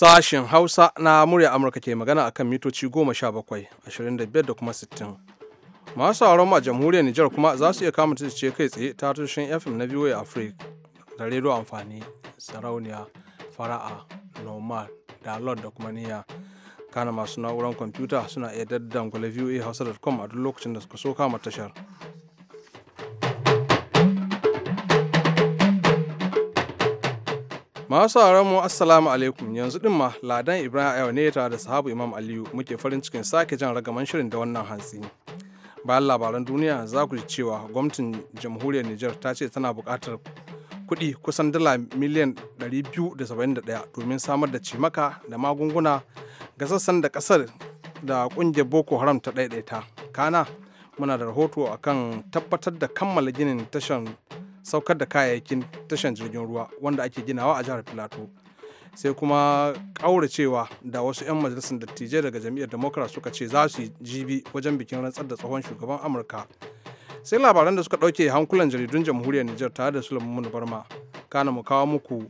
Sashen Hausa na murya Amurka ke magana a kan mitoci bakwai 25 da kuma 60. Masu sauran a jamhuriyar Nijar kuma za su iya kama ce kai tsaye ta tushen FM na VOA Africa da rediyo amfani sarauniya fara'a normal da lord da kuma niya kana masu na'urar kwamfuta suna iya daddangula voa hausa.com a duk lokacin da suka so kama tashar. Masu mu assalamu alaikum yanzu din ma Ladan Ibrahim Ayo ne tare da sahabu Imam Aliyu muke farin cikin sake jan ragaman shirin da wannan hantsi. Bayan labaran duniya za ku ji cewa gwamnatin jamhuriyar Nijar ta ce tana buƙatar kuɗi kusan dala miliyan 271 domin samar da cimaka da magunguna ga sassan da ƙasar da ƙungiyar Boko Haram ta ɗaiɗaita. Kana muna da rahoto akan tabbatar da kammala ginin tashar saukar da kayayyakin tashan jirgin ruwa wanda ake ginawa a jihar filato sai kuma ƙauracewa da wasu 'yan majalisar dattijai daga jam'iyyar democrat suka ce za su yi jibi wajen bikin rantsar da tsohon shugaban amurka sai labaran da suka ɗauke hankulan jaridun jamhuriyar niger tare da sulaiman barma kana mu kawo muku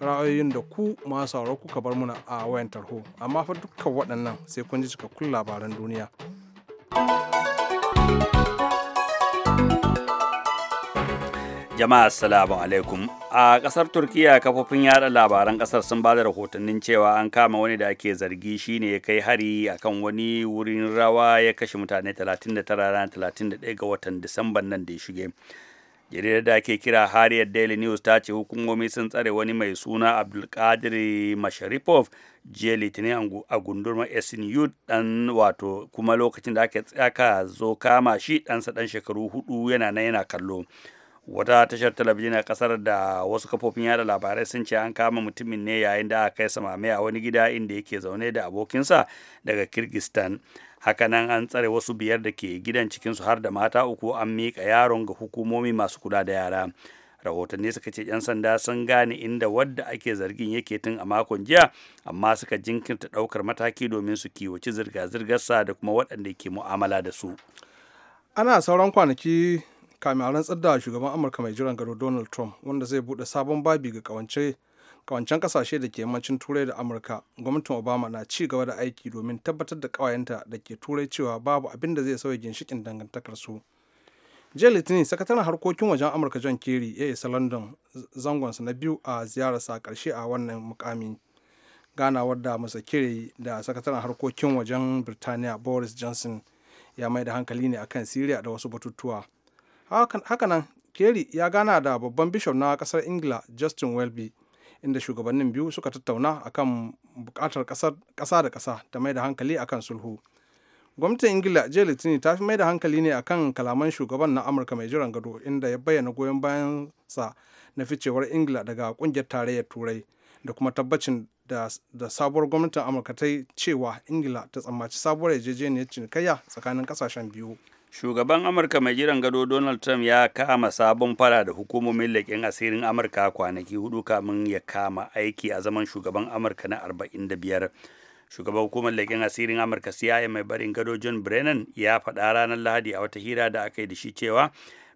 ra'ayoyin da ku masu sauraro kuka bar muna a wayan tarho amma fa dukkan waɗannan sai kun ji cikakkun labaran duniya. Jama'a assalamu alaikum. A kasar Turkiya kafofin yada labaran kasar sun ba da rahotannin cewa an kama wani da ake zargi shine ya kai hari akan wani wurin rawa ya kashe mutane 39 ranar 31 ga watan Disamban nan da ya shige. Jaridar da ake kira Harriet Daily News ta ce hukumomi sun tsare wani mai suna Abdulkadir Masharipov jiya Litinin a gundurma SNU dan wato kuma lokacin da aka zo kama shi ɗansa ɗan shekaru hudu yana nan yana kallo. wata tashar talabijin a kasar da wasu kafofin yada labarai sun ce an kama mutumin ne yayin da aka kai samame a wani gida inda yake zaune da abokinsa daga kirgistan hakanan an tsare wasu biyar da ke gidan cikinsu har da mata uku an miƙa yaron ga hukumomi masu kula da yara rahotanni suka ce 'yan sanda sun gane inda wadda ake zargin yake tun a makon jiya amma suka jinkirta ɗaukar mataki domin su kiwaci zirga-zirgarsa da kuma waɗanda ke mu'amala da su ana sauran kwanaki kamin a shugaban amurka mai jiran gado donald trump wanda zai bude sabon babi ga kawancen kasashe da ke yammacin turai da amurka gwamnatin obama na ci gaba da aiki domin tabbatar da kawayenta da ke turai cewa babu abin da zai sauya ginshikin dangantakar su jiya litinin sakataren harkokin wajen amurka john kerry ya isa london zangonsa na biyu a ziyararsa sa karshe a wannan mukami ganawar da masa kerry da sakataren harkokin wajen birtaniya boris johnson ya mai da hankali ne akan siriya da wasu batutuwa hakanan kerry ya gana da babban bishop na kasar ingila justin welby inda shugabannin biyu suka tattauna akan bukatar kasa da kasa ta mai da hankali akan sulhu gwamnatin ingila jiya litini ta fi mai da hankali ne akan kalaman shugaban na amurka mai jiran gado inda ya bayyana goyon bayan sa na ficewar ingila daga kungiyar tarayyar turai da kuma tabbacin da, sabuwar gwamnatin amurka ta cewa ingila ta tsammaci sabuwar yarjejeniyar cinikayya tsakanin kasashen biyu shugaban amurka mai jiran gado donald trump ya kama sabon fara da hukumomin leƙen asirin amurka kwanaki hudu kamin ya kama aiki a zaman shugaban amurka na 45 shugaban hukumar leƙen asirin amurka cia mai barin gado john brennan ya faɗa ranar lahadi a wata hira da aka yi da shi cewa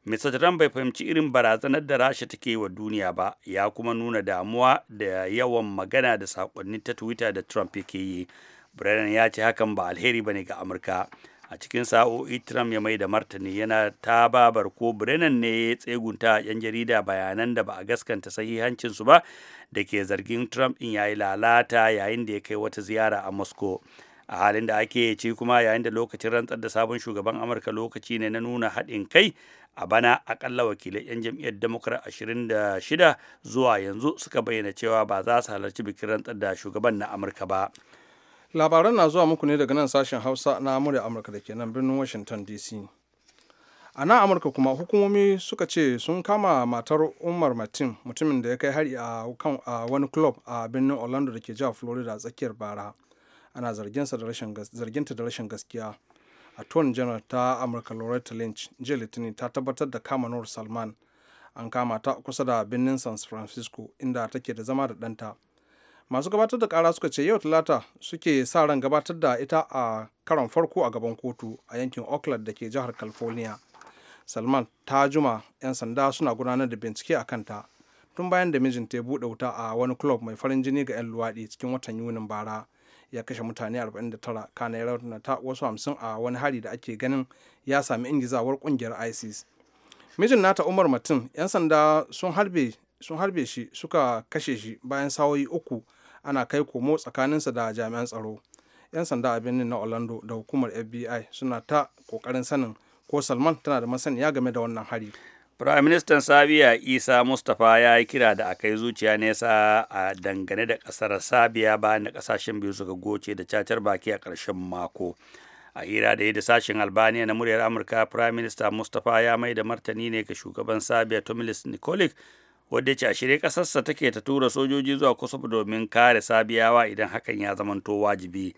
mr trump bai fahimci irin barazanar da rasha take wa duniya ba ya kuma nuna damuwa da yawan magana da saƙonni ta twitter da trump yake yi brennan ya ce hakan ba alheri bane ga amurka a cikin sa'o'i trump ya mai da martani yana ta babar ko brennan ne ya tsegunta yan jarida bayanan da ba a gaskanta sahihancinsu ba da ke zargin trump in yayi lalata yayin da ya kai wata ziyara a moscow a halin da ake ci kuma yayin da lokacin rantsar da sabon shugaban amurka lokaci ne na nuna haɗin kai a bana akalla wakilai 'yan jam'iyyar da shida zuwa yanzu suka bayyana cewa ba za su halarci bikin rantsar da shugaban na amurka ba labaran na zuwa muku ne daga nan sashen hausa na murya amurka da ke nan birnin washington dc a nan amurka kuma hukumomi suka ce sun kama matar umar martin mutumin da ya kai hari a wani club a birnin orlando da ke jihar florida tsakiyar bara ana zarginta da rashin gaskiya a attorney general ta amurka loretta lynch jiya litinin ta tabbatar da kama nur salman an kama ta kusa da birnin san francisco inda take da zama da ɗanta masu gabatar da kara suka ce yau talata suke sa ran gabatar da ita a karon farko a gaban kotu a yankin oakland da ke jihar california salman ta juma 'yan sanda suna gudanar da bincike a kanta tun bayan da mijinta ya buɗe wuta a wani club mai farin jini ga 'yan luwaɗi cikin watan yunin bara ya kashe mutane 49 kana ya wasu 50 a wani hari da ake ganin ya sami ingizawar kungiyar isis mijin nata umar mutum 'yan sanda sun harbe sun harbe shi suka kashe shi bayan sawoyi uku ana kai komo tsakaninsa da jami'an tsaro 'yan sanda a birnin na orlando da hukumar fbi suna ta kokarin sanin ko salman tana da masaniya game da wannan hari Firaministan Sabiya Isa Mustapha ya yi kira da akai yi zuciya nesa a dangane da kasar Sabiya bayan da kasashen biyu suka goce da cacar baki a karshen mako. A hira da yi da sashen Albaniya na muryar Amurka, Firaminista Mustapha ya mai da martani ne ga shugaban Sabiya Tomilis Nikolic wadda ce a shirye ƙasarsa take ta tura sojoji zuwa kosovo domin kare sabiyawa idan hakan ya zamanto wajibi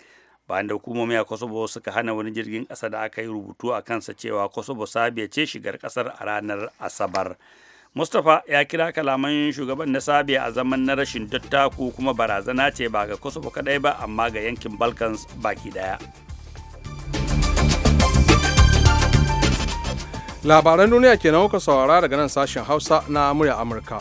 bayan da hukumomi a kosovo suka hana wani jirgin ƙasa da aka yi rubutu a kansa cewa kosovo sabiya ce shigar ƙasar a ranar asabar mustapha ya kira kalaman shugaban na sabiya a zaman na rashin dattaku kuma barazana ce ba ga kosovo kadai ba amma ga yankin balkans baki daya labaran duniya kenan kuka saurara daga nan sashen hausa na murya amurka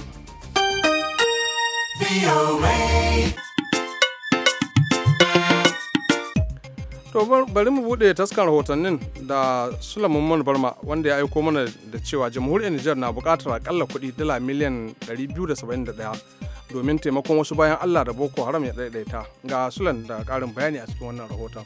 to bari mu bude taskar rahotannin da sulamun barma wanda ya aiko mana da cewa jamhuriyar nijar na bukatar akalla kuɗi dala miliyan 271 domin taimakon wasu bayan allah da boko haram ya ɗaiɗaita ga sulan da ƙarin bayani a cikin wannan rahoton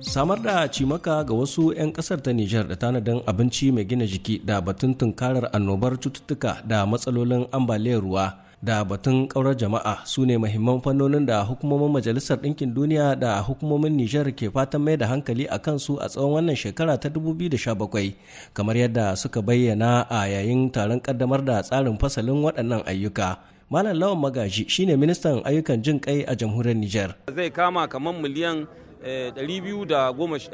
samar da cimaka ga wasu 'yan kasar ta nijar da tanadin abinci mai gina jiki da batun tunkarar annobar cututtuka da matsalolin ambaliyar ruwa da batun kaurar jama'a su ne mahimman fannonin da hukumomin majalisar ɗinkin duniya da hukumomin nijar ke fatan mai da hankali a kansu a tsawon wannan shekara ta 2017 kamar yadda suka bayyana a yayin taron ƙaddamar da tsarin fasalin waɗannan ayyuka malam lawan magaji shine ministan ayyukan jin kai a jamhuriyar nijar zai kama kamar miliyan 271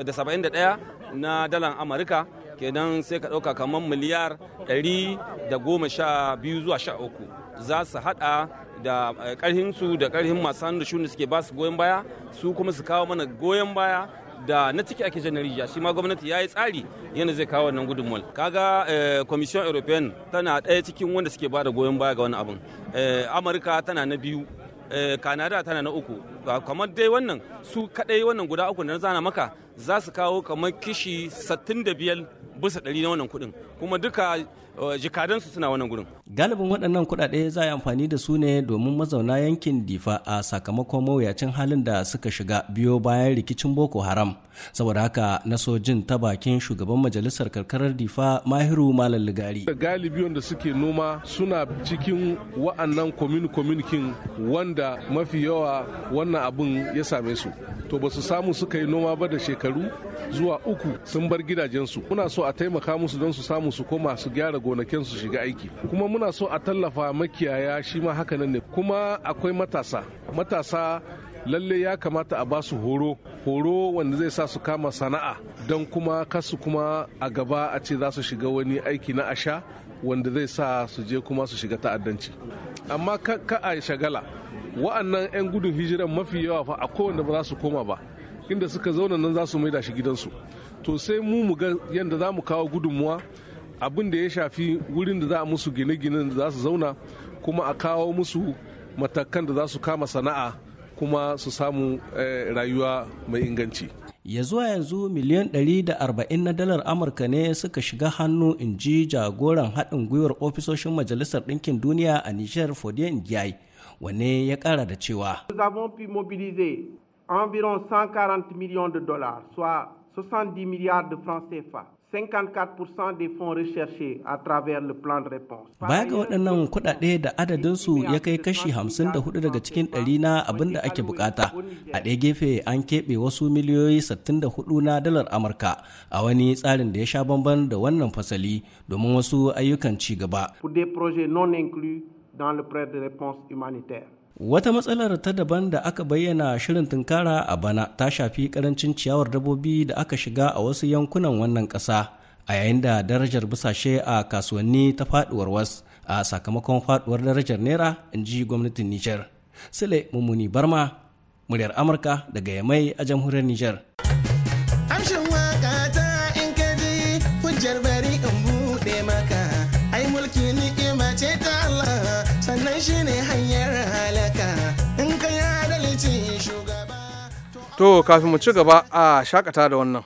eh, na dalar amurka kenan sai ka ɗauka kamar miliyar 112 zuwa 13 za su hada da eh, ƙarhinsu da ƙarhin masu hannu da shuni suke ba su goyon baya su kuma su kawo mana goyon baya da na ciki ake janarija shi ma gwamnati ya yi tsari yana zai kawo wannan gudunmuwar kaga eh, commission european tana ɗaya cikin wanda suke ba da goyon baya ga wani abin amurka tana na biyu kanada eh, tana na uku kamar dai wannan su kadai wannan guda uku na zana maka za su kawo kamar kishi 65 bisa ɗari na wannan kuɗin kuma duka Eh, jikadansu suna wannan gurin galibin waɗannan kuɗaɗe za a yi amfani da su ne domin mazauna yankin difa a sakamakon mawuyacin halin da suka shiga biyo bayan rikicin boko haram saboda haka na sojin ta bakin shugaban majalisar karkarar difa mahiru malam ligari galibi da suke noma suna cikin wa'annan komini kominikin wanda mafi yawa wannan abun ya same su to ba su samu suka yi noma ba da shekaru zuwa uku sun bar gidajensu muna so a taimaka musu don su samu su koma su gyara gonakin su shiga aiki kuma muna so a tallafa makiyaya shi ma haka nan ne kuma akwai matasa matasa lalle ya kamata a ba su horo horo wanda zai sa su kama sana'a don kuma kasu kuma a gaba a ce za su shiga wani aiki na asha wanda zai sa su je kuma su shiga ta'addanci amma ka a shagala wa'annan 'yan gudun hijiran mafi yawa fa a kowanne ba za su koma ba inda suka zauna nan za su maida shi gidansu to sai mu mu ga yadda za mu kawo gudunmuwa abin da ya shafi wurin da za a musu gine-ginen da za su zauna kuma a kawo musu matakan da za su kama sana'a kuma su samu eh, rayuwa mai inganci. ya zuwa yanzu miliyan 140 na dalar amurka ne suka shiga hannu in ji jagoran haɗin gwiwar ofisoshin majalisar ɗinkin duniya a nijar fodiyan ngiyai wane ya ƙara da cewa environ 140 million de dollars soit 70 milliards de francs CFA Baya ga waɗannan kuɗaɗe da adadinsu ya kai kashi 54 daga cikin ɗari na abin da ake bukata. A ɗaya gefe an keɓe wasu miliyoyi 64 na dalar Amurka a wani tsarin da ya sha bamban da wannan fasali domin wasu ayyukan ci gaba. Wata matsalar ta daban da aka bayyana shirin tunkara a bana ta shafi karancin ciyawar dabobi da aka shiga a wasu yankunan wannan ƙasa a yayin da darajar busashe a kasuwanni ta faduwar was a sakamakon faduwar darajar naira in ji gwamnatin Nijar. Sule Mummuni Barma, muryar Amurka daga Yamai a jamhuriyar Nijar. to kafin mu ci gaba a shakata da wannan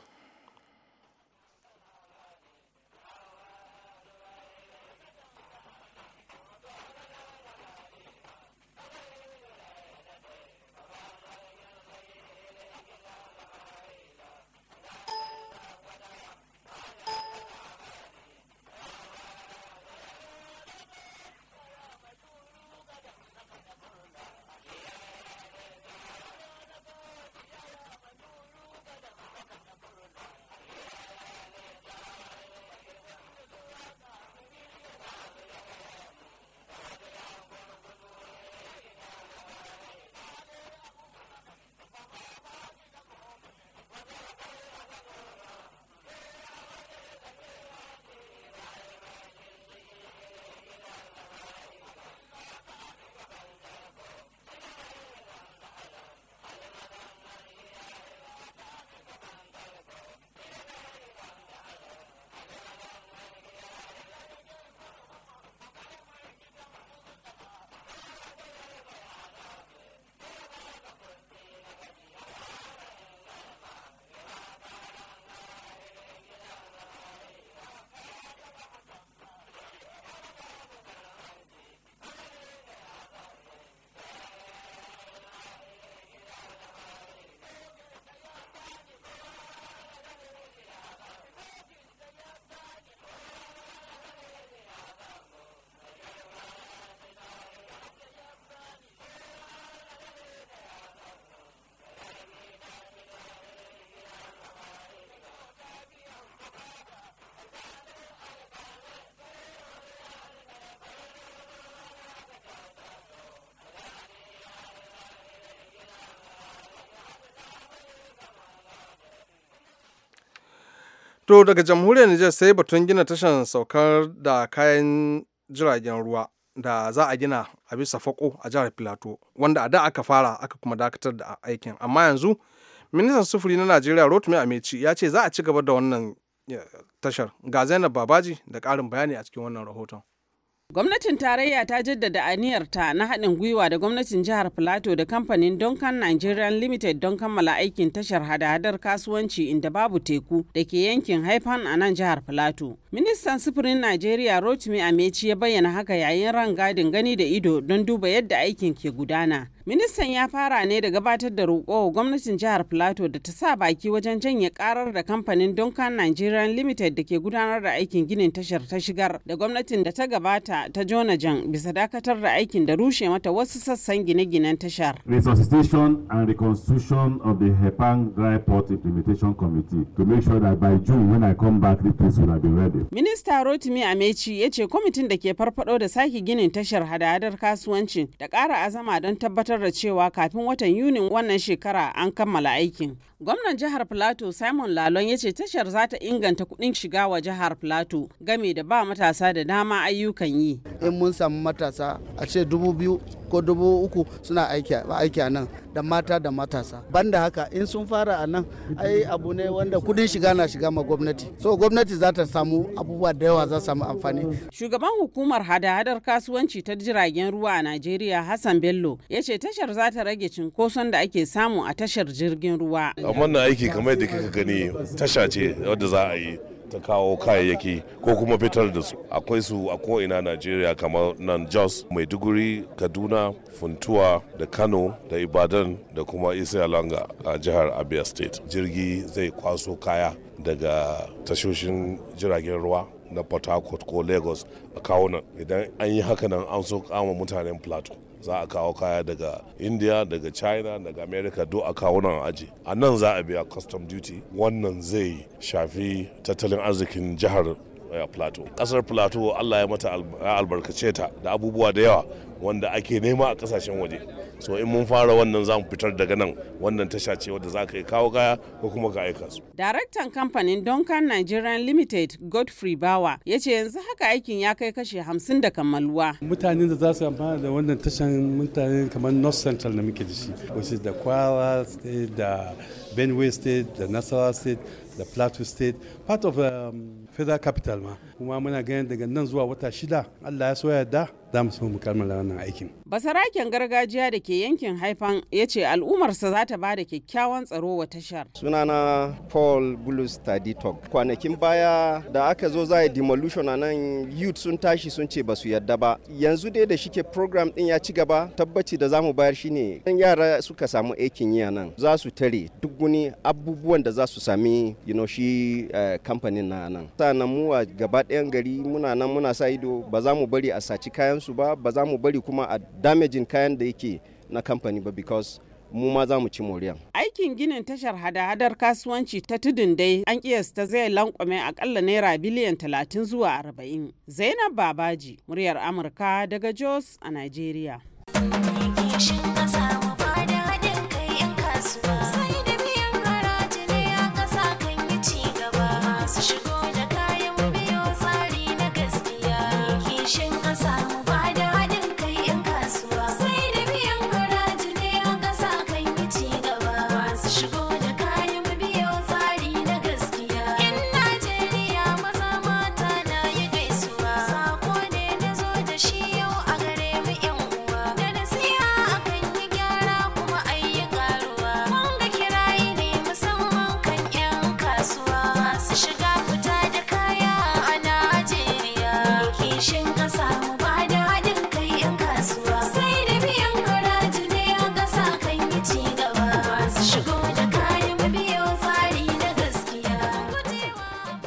To daga jamhuriyar Nijar sai batun gina tashar saukar da kayan jiragen ruwa da za a gina a bisa fako a jihar Filato wanda a da aka fara aka kuma dakatar da aikin amma yanzu ministan sufuri na Najeriya Rotimi Amici ya ce za a ci gaba da wannan tashar ga Zainab Babaji da karin bayani a cikin wannan rahoton. Gwamnatin tarayya ta jaddada aniyarta na haɗin gwiwa da gwamnatin jihar Filato da kamfanin Donkan Nigerian Limited don kammala aikin tashar hada-hadar kasuwanci inda babu teku da ke yankin Haifan a nan jihar Filato. Ministan sufurin Najeriya Rotimi Amechi ya bayyana haka yayin rangadin gani da ido don duba yadda aikin ke gudana. Ministan ya fara ne da gabatar da roƙo wa gwamnatin jihar Plateau da ta sa baki wajen janye karar da kamfanin Donkan Nigerian Limited da ke gudanar da aikin ginin tashar ta shigar da gwamnatin da ta gabata ta Jonajan bisa dakatar da aikin da rushe mata wasu sassan gine-ginen tashar. Resuscitation and reconstruction of the Hepang Dry Port Implementation Committee to make sure that by June when I come back the place will be ready. Minista Rotimi Amechi ya ce kwamitin da ke farfado da sake ginin tashar hada-hadar kasuwanci da kara azama don tabbatar tabbatar da cewa kafin watan Yunin wannan shekara an kammala aikin. Gwamnan jihar plateau Simon Lalon ya ce tashar za ta inganta kuɗin shiga wa jihar plateau game da ba matasa da dama ayyukan yi. In mun samu matasa a ce dubu biyu ko dubu uku suna aiki a nan da mata da matasa. Banda haka in sun fara a nan ai abu ne wanda kudin shiga na shiga ma gwamnati. So gwamnati za ta samu abubuwa da yawa za samu amfani. Shugaban hukumar hada-hadar kasuwanci ta jiragen ruwa a Najeriya Hassan Bello ya ce tashar za ta rage cinkoson da ake samu a tashar jirgin ruwa. a wannan aiki kamar da kika gani tasha ce wadda za a yi ta kawo kayayyaki ko kuma fitar da su akwai su a ko'ina najeriya kamar nan jos maiduguri kaduna funtuwa da kano da ibadan da kuma langa a jihar abia state jirgi zai kwaso kaya daga tashoshin jiragen ruwa na port harcourt ko lagos a kawo nan idan an yi haka nan an so kama mutanen plateau za a kawo kaya daga india daga china daga america duk a kawo nan aji a nan za a biya custom duty wannan zai shafi tattalin arzikin jihar Eh, plateau kasar plateau allah ya mata albarkace ta da abubuwa da yawa wanda ake nema a kasashen waje so in mun fara wannan zamu fitar daga nan wannan tasha ce wadda za ka yi kawo kaya ko kuma ka aika su daraktan kamfanin donkan nigerian limited godfrey bawa ya ce yanzu haka aikin ya kai kashe hamsin da kammaluwa mutanen da za su amfana da wannan tashan mutane kamar north central na muke da shi wasu da kwara state da benue state da nasarawa state da plateau state part of um, federal capital ma kuma muna ganin daga nan zuwa wata shida allah ya so yarda za mu so mu kammala wannan aikin. Basaraken gargajiya da ke yankin haifan ya ce al'ummarsa za ta bada kyakkyawan tsaro wa tashar. Sunana Paul Bulus Taditok. Kwanakin baya da aka zo za a demolition a nan youth sun tashi sun ce ba su yadda ba. Yanzu dai da shike program din ya ci gaba tabbaci da zamu mu shi ne in yara suka samu aikin yi a nan za su tare duk wani abubuwan da za su sami you know, shi eh, kamfanin na nan. mu a gaba ɗayan gari muna nan muna sa ido ba za mu bari a saci kayan kayansu ba ba za mu bari kuma a damaging kayan da yake na kamfani ba because mu ma za mu ci moriyan. Aikin ginin tashar hada-hadar kasuwanci ta tudun dai an kiyasta zai lankwame akalla naira biliyan talatin zuwa arba'in. Zainab Babaji, muryar Amurka daga Jos a Najeriya.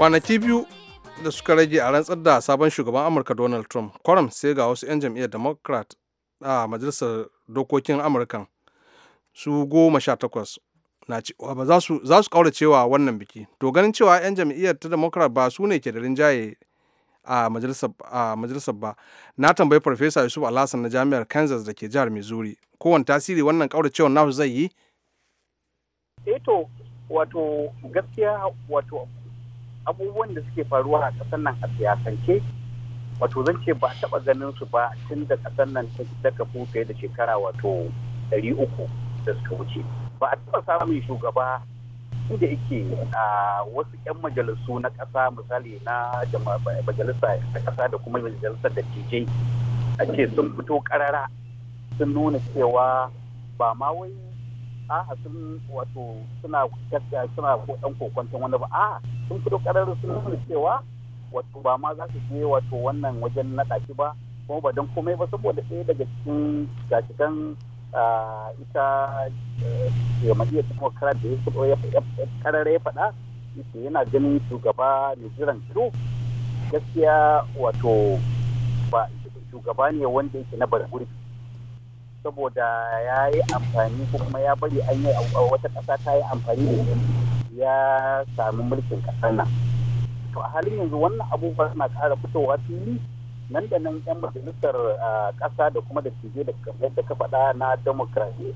kwanaki biyu da suka rage a rantsar da sabon shugaban amurka donald trump kwaram sai ga wasu 'yan jam'iyyar democrat a majalisar dokokin amurka su goma sha takwas na cewa ba za su kaura cewa wannan biki to ganin cewa 'yan jam'iyyar ta democrat ba su ne ke da rinjaye a majalisar ba na tambayi farfesa yusuf alhassan na jami'ar kansas da ke jihar missouri kowane tasiri wannan cewa nasu zai yi eto eh wato gaskiya wato abubuwan da suke faruwa a ƙasar nan a siyasance wato zan ce ba taɓa ganin su ba tun da ƙasar nan ta kafu fiye da shekara wato ɗari uku da suka wuce ba a taɓa samun shugaba inda yake a wasu 'yan majalisu na ƙasa misali na majalisa ta ƙasa da kuma majalisar da a ce sun fito ƙarara sun nuna cewa ba ma wai a'a sun wato suna suna dan kokonton wani ba a'a sun fito karar sun nuna cewa wato ba ma za su je wato wannan wajen naɗaki ba kuma ba don komai ba saboda ɗaya daga cikin gashikan ita jama'iya eh, ta karar da ya fito ya karar ya faɗa ita yana ganin shugaba mai jiran kiro gaskiya wato ba shugaba ne wanda yake na barburi saboda ya yi amfani ko kuma ya bari an yi wata ƙasa ta yi amfani da shi ya sami mulkin ƙasar nan to a halin yanzu wannan abubuwa suna ƙara fitowa fili nan da nan 'yan majalisar ƙasa da kuma da cije da yadda ka faɗa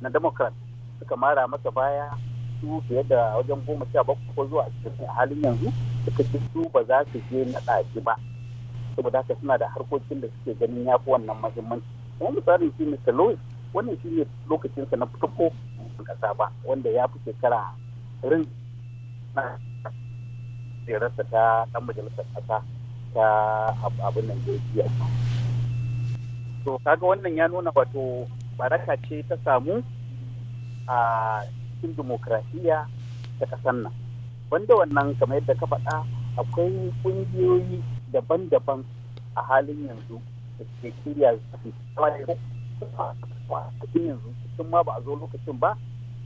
na democrat suka mara masa baya su fiye da wajen goma sha bakwai ko zuwa ashirin a halin yanzu suka ci su ba za su je naɗa ɗaki ba saboda haka suna da harkokin da suke ganin ya fi wannan muhimmanci Wani misali shi Mr. Lewis wannan shi ne lokacinsa na farko kasa ba wanda ya fi shekara rin na tsirarsa ta dan majalisar kasa ta abin nan jirgiya to kaga wannan ya nuna wato baraka ce ta samu a cikin dimokuraɗiyya ta ƙasar nan wanda wannan kamar yadda ka faɗa akwai ƙungiyoyi daban-daban a halin yanzu da ke kiriya su kwanan yanzu sun ma ba a zo lokacin ba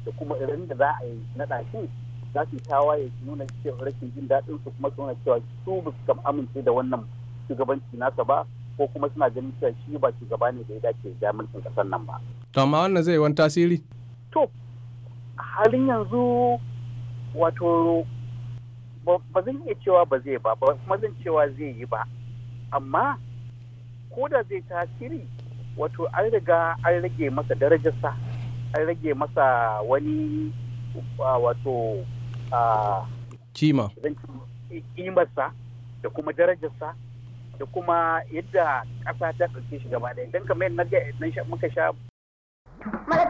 da kuma irin da za a yi na ɗakin za su tawaye su nuna cewa rashin jin daɗin su kuma su nuna cewa su ba su amince da wannan shugabanci nasa ba ko kuma suna ganin cewa shi ba shugaba ne da ya dace da mulkin ƙasar nan ba. To amma wannan zai yi wani tasiri? To halin yanzu wato ba zan iya cewa ba zai ba ba kuma zan cewa zai yi ba amma ko da zai tasiri wato an riga an rage masa darajarsa an rage masa wani wato kima kimarsa da kuma darajarsa da kuma yadda ƙasa ta ɗauke shi gaba ɗaya idan kamar yadda muka sha mulkin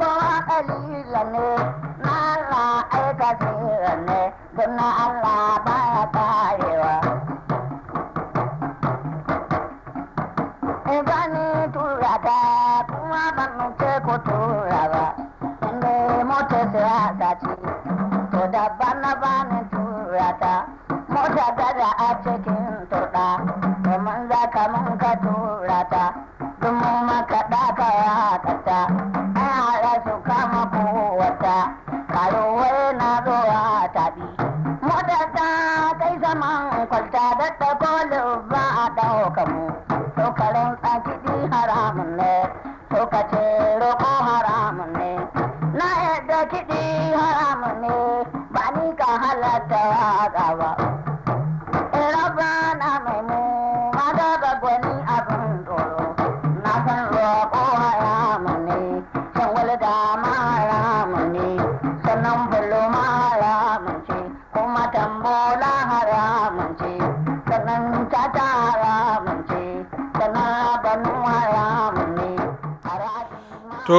kowa da ne na ne Allah baya karewa ni tura ta kuma ban ce ku tura ba inda mota siyasa ce to daban na bani tura ta mota gada a cikin turɗa domin za ka mun ka tura ta duk mun maka ɗaka ya haƙata an haɗa su kama kowata kayo wai haram ne ba ni ka halatta waka ba raba na mai mu mada da gwani abin tsoro na san roƙo haram ne san walda ma haram ne sannan bulo ma haram kuma tambola haram ce sannan tata haram ce sannan banu haram ne To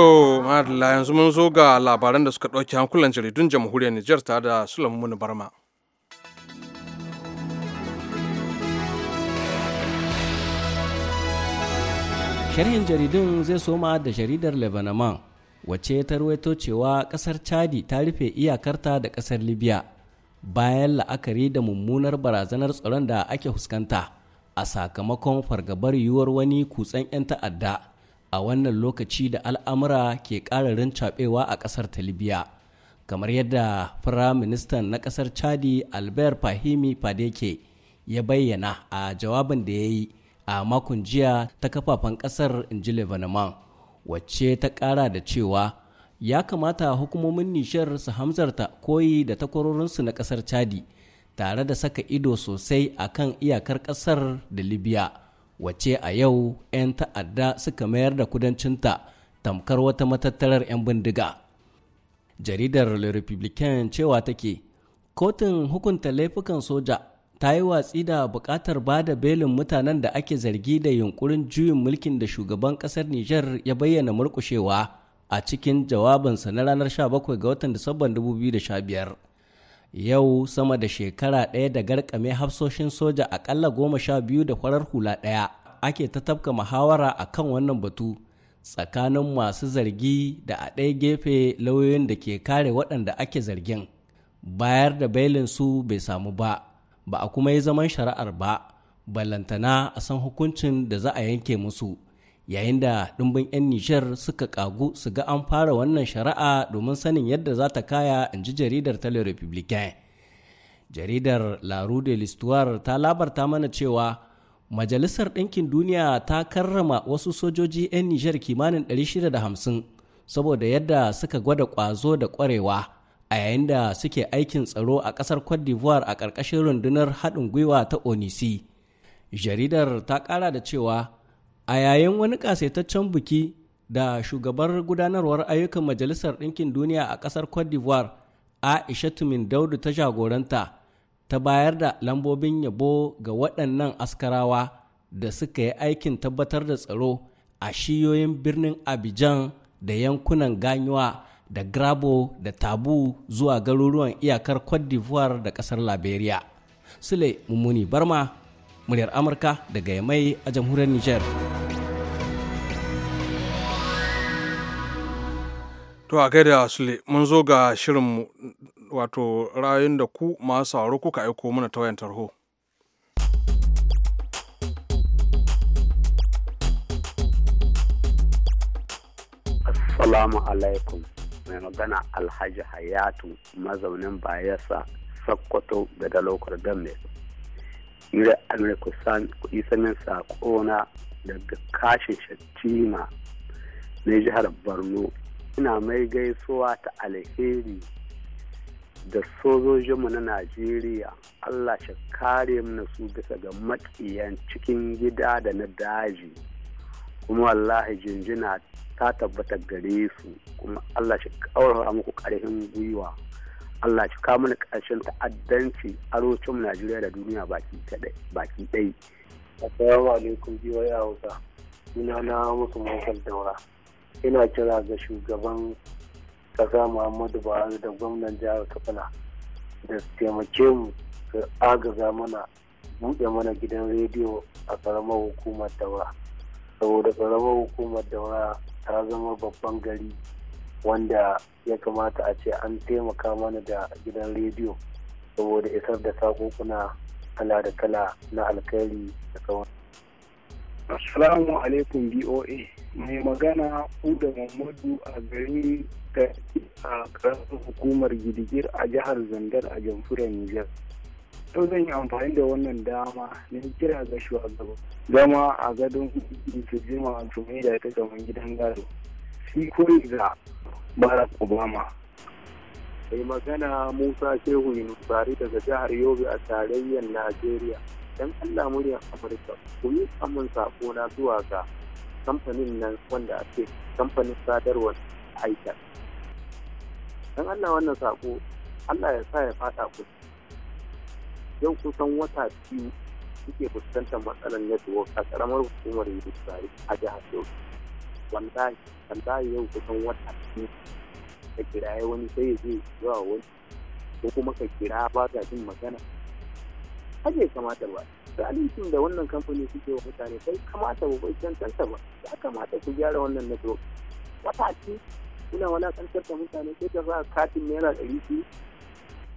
madalla yanzu mun zo ga labaran da suka ɗauki hankulan jaridun jamhuriyar Nijar tare da Sulaiman Barma. Sharhin jaridun zai soma da jaridar Lebanon wacce ta ruwaito cewa ƙasar Chadi ta rufe iyakarta da ƙasar Libya bayan la'akari da mummunar barazanar tsaron da ake fuskanta a sakamakon fargabar yiwuwar wani kutsen 'yan ta'adda. a wannan lokaci da al'amura ke ƙara rincaɓewa a ƙasar ta libya kamar yadda firaministan na ƙasar chadi albert fahimi fadeke ya bayyana a jawabin da ya yi a makon jiya ta kafafen ƙasar inji lebanon wacce ta ƙara da cewa ya kamata hukumomin nishar su hamzarta koyi da takwarorinsu na ƙasar chadi tare da saka ido sosai a kan iyakar ƙasar da libya wace a yau 'yan ta'adda suka mayar da kudancinta tamkar wata matattarar 'yan bindiga jaridar le republican cewa take kotun hukunta laifukan soja ta yi watsi da bukatar ba da belin mutanen da ake zargi da yunkurin juyin mulkin da shugaban kasar niger ya bayyana murkushewa a cikin jawabinsa na ranar 17 ga watan disamban 2015 yau sama da shekara ɗaya da garkame hafsoshin soja akalla goma sha biyu da farar hula ɗaya ake ta tafka muhawara a kan wannan batu tsakanin masu zargi da a ɗaya gefe lauyoyin da ke kare waɗanda ake zargin bayar da bailin su bai samu ba ba a kuma yi zaman shari'ar ba ballantana a san hukuncin da za a yanke musu yayin da ɗumbin 'yan Nijar suka kagu su ga an fara wannan shari'a domin sanin yadda za ta kaya in ji jaridar Tele Republican. Jaridar La Rue de l'Histoire ta labarta mana cewa Majalisar Ɗinkin Duniya ta karrama wasu sojoji 'yan Nijar kimanin 650 saboda yadda suka gwada ƙwazo da ƙwarewa a yayin da suke aikin tsaro a ƙasar Cote d'Ivoire a ƙarƙashin rundunar haɗin gwiwa ta Onisi. Jaridar ta ƙara da cewa a yayin wani kasaitaccen biki da shugabar gudanarwar ayyukan majalisar ɗinkin duniya a ƙasar cote d'ivoire aisha tumin daudu ta jagoranta ta bayar da lambobin yabo ga waɗannan askarawa da suka yi aikin tabbatar da tsaro a shiyoyin birnin abidjan da yankunan ganyuwa da grabo da tabu zuwa garuruwan iyakar cote d'ivoire da ƙasar liberia sule mummuni barma muryar amurka daga yamai a jamhuriyar niger To a gaida Sule, mun zo ga shirinmu wato rayun da ku masu sauro kuka aiko mana ta wayan tarho. Assalamu alaikum, mai magana Alhaji Hayatu mazaunin Bayelsa Sokoto da Dalokar Gamne. Mira Kusan kuɗi sanin saƙona daga kashin Shattima na jihar Borno ina mai gaisuwa ta alheri da sojojinmu na najeriya allah shi kare mana su bisa ga matsiyan cikin gida da na daji kuma wallahi jinjina ta tabbata gare su kuma allah shi kawarwa muku karfin gwiwa allah shi kawo mana ƙarshen ta'addanci arocin najeriya da duniya baki ɗai assalamu alaikum biyu ya suna na musu mokal daura ina kira ga shugaban kasa muhammadu buhari da gwamnan jihar katsina da taimake mu su agaza mana buɗe mana gidan rediyo a ƙaramar hukumar daura saboda ƙaramar hukumar daura ta zama babban gari wanda ya kamata a ce an taimaka mana da gidan rediyo saboda isar da sakokuna kala da kala na alkhairi da sauran Assalamu alaikum BOA. Mai magana Uda Muhammadu a garin a ƙarfin hukumar girgir a jihar Zandar a jamhuriyar Nijar. Yau zan yi amfani da wannan dama na kira ga shugaban zama a gadon jima a da ta gaban gidan gado. Shi koyi ga Barack Obama. Mai magana Musa Shehu Yunusari daga jihar Yobe a tarayyar Najeriya. dan Allah muryar Amurka ku yi samun sako na zuwa ga kamfanin nan wanda ake kamfanin sadarwar aikar dan Allah wannan sako Allah ya sa ya fada ku yau kusan wata biyu suke fuskantar matsalar network a karamar hukumar Yudusari a jihar Yau. Wallahi, wallahi yau kusan wata biyu ka kira wani sai ya je zuwa wani ko kuma ka kira ba ga jin magana har ya kamata ba zalincin da wannan kamfani suke wa mutane sai kamata ba bai cancanta ba ya kamata ku gyara wannan network wata ce a walakantar da mutane sai ka sa katin naira ɗari biyu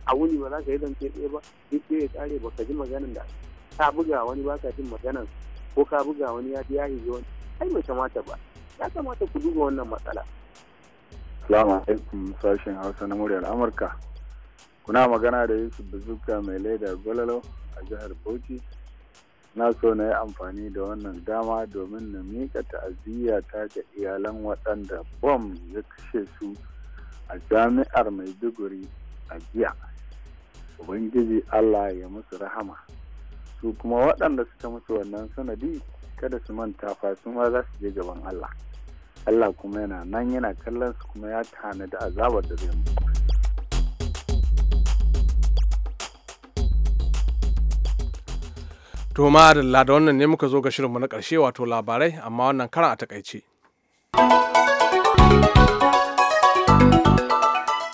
a wuni ba za ka yi zance ɗaya ba duk ya tsare ba ka ji maganin da ka buga wani ba ka jin maganan ko ka buga wani ya ji ya yi wani ai bai kamata ba ya kamata ku duba wannan matsala. Salamu alaikum sashen Hausa na muryar Amurka. Kuna magana da Yusuf Bazuka mai laida Gwalalo a jihar bauchi na so na yi amfani da wannan dama domin na miƙa ta'aziyya ta ga iyalan waɗanda bom ya kashe su a jami'ar maiduguri a jiya ubangiji allah ya musu rahama su kuma waɗanda suka musu wannan sanadi kada su manta fa su ma za su je gaban allah allah kuma yana nan yana kallon su kuma ya tanada azabar da zai mutu To ma da wannan ne muka zo ga shirinmu na ƙarshe wato labarai amma wannan karan a takaice.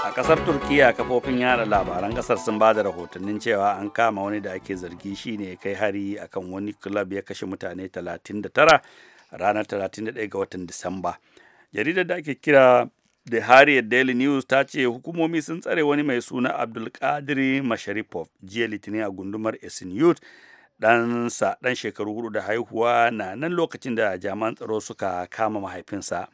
A ƙasar Turkiya kafofin yada labaran ƙasar sun ba da rahotannin cewa an kama wani da ake zargi shine kai hari akan wani club ya kashe mutane 39 ranar 31 ga watan Disamba. Jaridar da ake kira The Harriet Daily News ta ce hukumomi sun tsare wani mai suna Abdulkadir Masharipov jiya litinin a gundumar Esin Youth ɗansa ɗan shekaru hudu da haihuwa na nan lokacin da jami'an tsaro suka kama mahaifinsa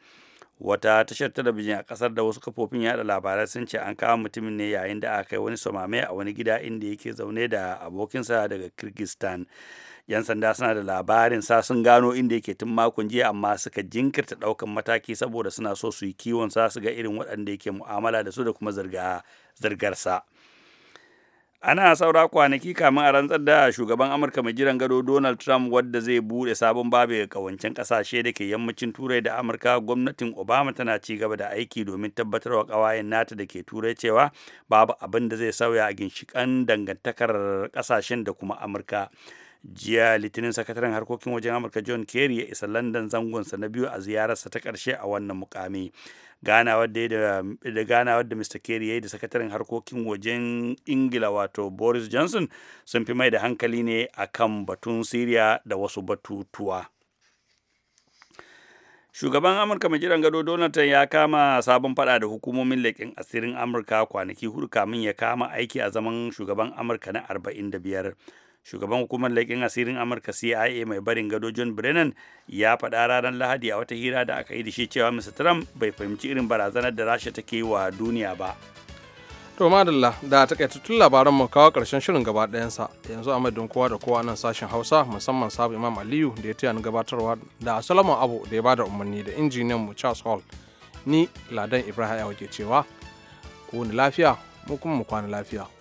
wata tashar talabijin a ƙasar da wasu kafofin yada labarai sun ce an kama mutumin ne yayin da aka kai wani samame a wani gida inda yake zaune da abokinsa daga kirgistan yan sanda suna da labarin sa sun gano inda yake tun makon jiya amma suka jinkirta daukan mataki saboda suna so su yi kiwon sa su ga irin waɗanda yake mu'amala da su da kuma zirga ana saura kwanaki kamin a rantsar da shugaban amurka mai jiran gado donald trump wadda zai bude sabon babu kawancen kasashe da ke yammacin turai da amurka gwamnatin obama tana ci gaba da aiki domin tabbatar wa kawayen nata da ke turai cewa babu abin da zai sauya a ginshikan dangantakar kasashen da kuma amurka jiya litinin sakataren harkokin wajen amurka john kerry ya isa london zangonsa na biyu a ziyararsa ta karshe a wannan mukami ganawar da ganawar da mr kerry ya yi da sakataren harkokin wajen ingila wato boris johnson sun fi mai da hankali ne a kan batun syria da wasu batutuwa shugaban amurka mai jiran gado donatan ya kama sabon fada da hukumomin leƙen asirin amurka kwanaki hudu kamin ya kama aiki a zaman shugaban amurka na 45 shugaban hukumar laƙin asirin amurka cia mai barin gado john brennan ya faɗa ranar lahadi a wata hira da aka yi da shi cewa mr trump bai fahimci irin barazanar da rasha take wa duniya ba to madalla da takaitattun labaran mu kawo karshen shirin gaba sa yanzu a madadin kowa da kowa nan sashen hausa musamman sabu imam aliyu da ya taya ni gabatarwa da salaman abu da ya bada umarni da injiniyan mu charles hall ni ladan ibrahim ya ke cewa ku ni lafiya mu kuma mu kwana lafiya